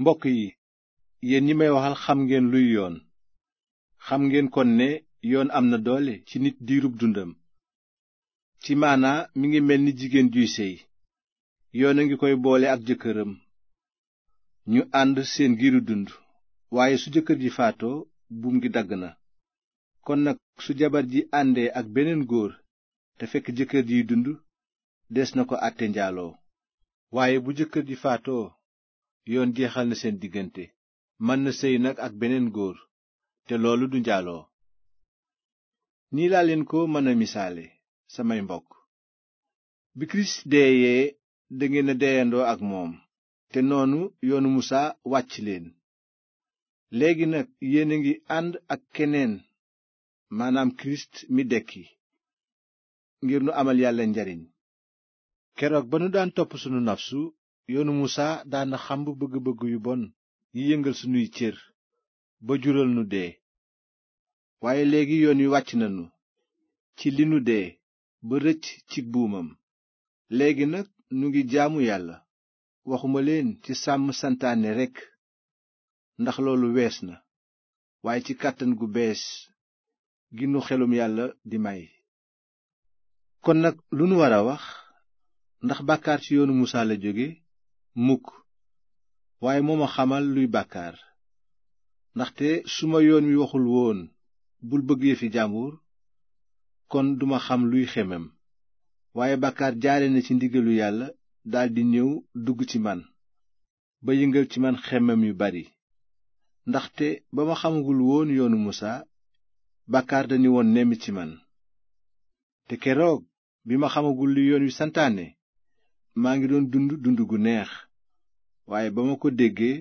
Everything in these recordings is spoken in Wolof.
mbokk yi yéen ñi may waxal xam ngeen luy yoon xam ngeen kon ne yoon am na doole ci nit diirub dundam ci maanaa mi ngi mel ni jigéen juy séy yoon a ngi koy boole ak jëkkëram ñu ànd seen giiru dund waaye su jëkkër ji faatoo buum gi dagg na kon nag su jabar ji àndee ak beneen góor te fekk jëkkër jiy dund des na ko àtte njaaloo waaye bu jëkkër ji faatoo yoon jeexal na seen diggante mën na sëy nag ak beneen góor te loolu du njaaloo nii laa leen ko mën a misaale samay mbokk bi kirist deeyee dangeen a deyandoo ak moom te noonu yoonu musaa wàcc leen léegi nag yéen a ngi ànd ak keneen maanaam kirist mi dekki ngir nu amal yàlla njariñ keroog ba nu daan topp sunu nafsu yoonu musaa daana xamb bëgg-bëgg yu bon yi yëngal sunuy cër ba jural nu dee waaye léegi yoon wi wàcc nanu ci li nu dee ba rëcc ci buumam léegi nag nu ngi jaamu yàlla waxuma leen ci sàmm santaane rekk ndax loolu wees na waaye ci kàttan gu bees gi nu xelum yàlla di may kon nag lu nu war a wax ndax bàkkaar yoonu musaa la jóge mukk waaye moo ma xamal luy bàkkaar ndaxte su ma yoon wi waxul woon bul bëggee fi jàmbur kon duma xam luy xemem waaye bàkkaar jaare na ci ndigalu yàlla daldi ñëw dugg ci man ba yëngal ci man xemem yu bari ndaxte ba ma xamagul woon yoonu musaa bàkkaar dañu woon nemmi ci man te keroog bi ma xamagul li yoon wi santaane maa ngi doon dund dund gu neex waaye ba ma ko déggee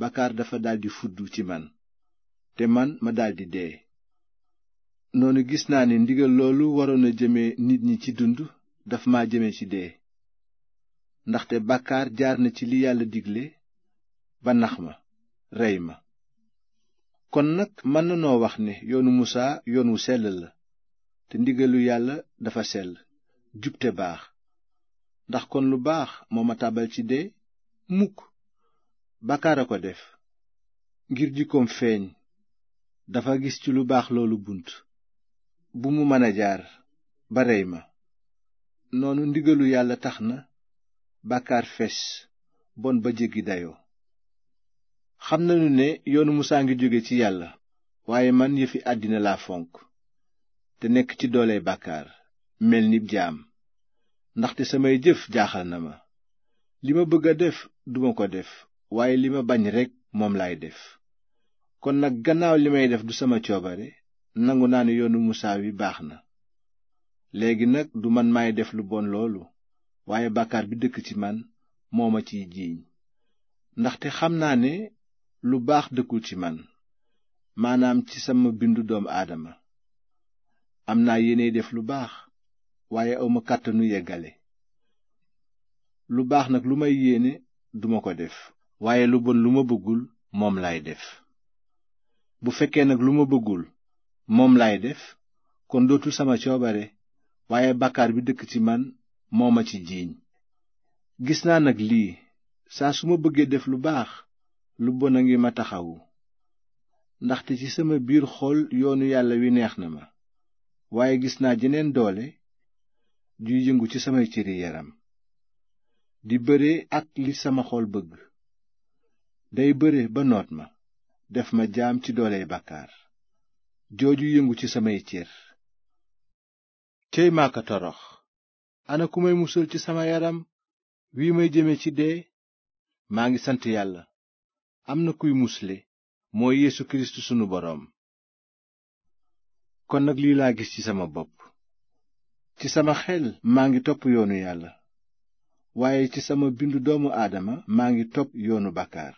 bàkkaar dafa daldi fudd ci man te man ma daldi dee noonu gis naa ni ndigal loolu waroon a jëme nit ñi ci dund dafa ma jëme ci dee ndaxte bàkkaar jaar na ci li yàlla digle ba ma rey ma kon nag mën na noo wax ne yoonu musaa yoon wu sell la te ndigalu yàlla dafa sell jub baax ndax kon lu baax moo ma ci dee mukk bàkkaar a ko def ngir jikkoom feeñ dafa gis ci lu baax loolu bunt bu mu mën a jaar ba rey ma noonu ndigalu yàlla tax na bàkkaar fees bon ba jéggi dayoo xam nanu ne yoonu musaa ngi jóge ci yàlla waaye man yëfi àddina laa fonk te nekk ci doole bàkkaar mel ni jaam ndaxte samay jëf jaaxal na ma li ma bëgg a def duma ko def waaye li ma bañ rekk moom laay def kon nag gannaaw li may def du sama coobare nangu naa ne yoonu musaa wi baax na léegi nag du man maay def lu bon loolu waaye bàkkaar bi dëkk ci man moo ma ciy jiiñ ndaxte xam naa ne lu baax dëkkul ci man maanaam ci sama bindu doomu aadama am naa yéene def lu baax waaye awma kàttanu yeggale lu baax nag lu may yéene duma ko def waaye lu bon lu ma bëggul moom laay def bu fekkee nag lu ma bëggul moom laay def kon dootul sama coobare waaye bàkkaar bi dëkk ci man moo ma ci jiiñ gis naa nag lii saa su ma bëggee def lu baax lu bon a ngi ma taxawu ndaxte ci sama biir xool yoonu yàlla wi neex na ma waaye gis naa jeneen doole juy yëngu ci samay cëri yaram di bëre ak li sama xol bëgg day bëre ba noot ma def ma jaam ci dooley bàkkaar jooju yëngu ci samay cër céy maaka torox ana ku may musal ci sama yaram wii may jëme ci dee maa ngi sant yàlla am na kuy musle moo yeesu kiristu sunu boroom kon nag lii laa gis ci sama bopp ci sama xel maa ngi topp yoonu yàlla waaye ci sama bindu doomu aadama maa ngi topp yoonu bàkkaar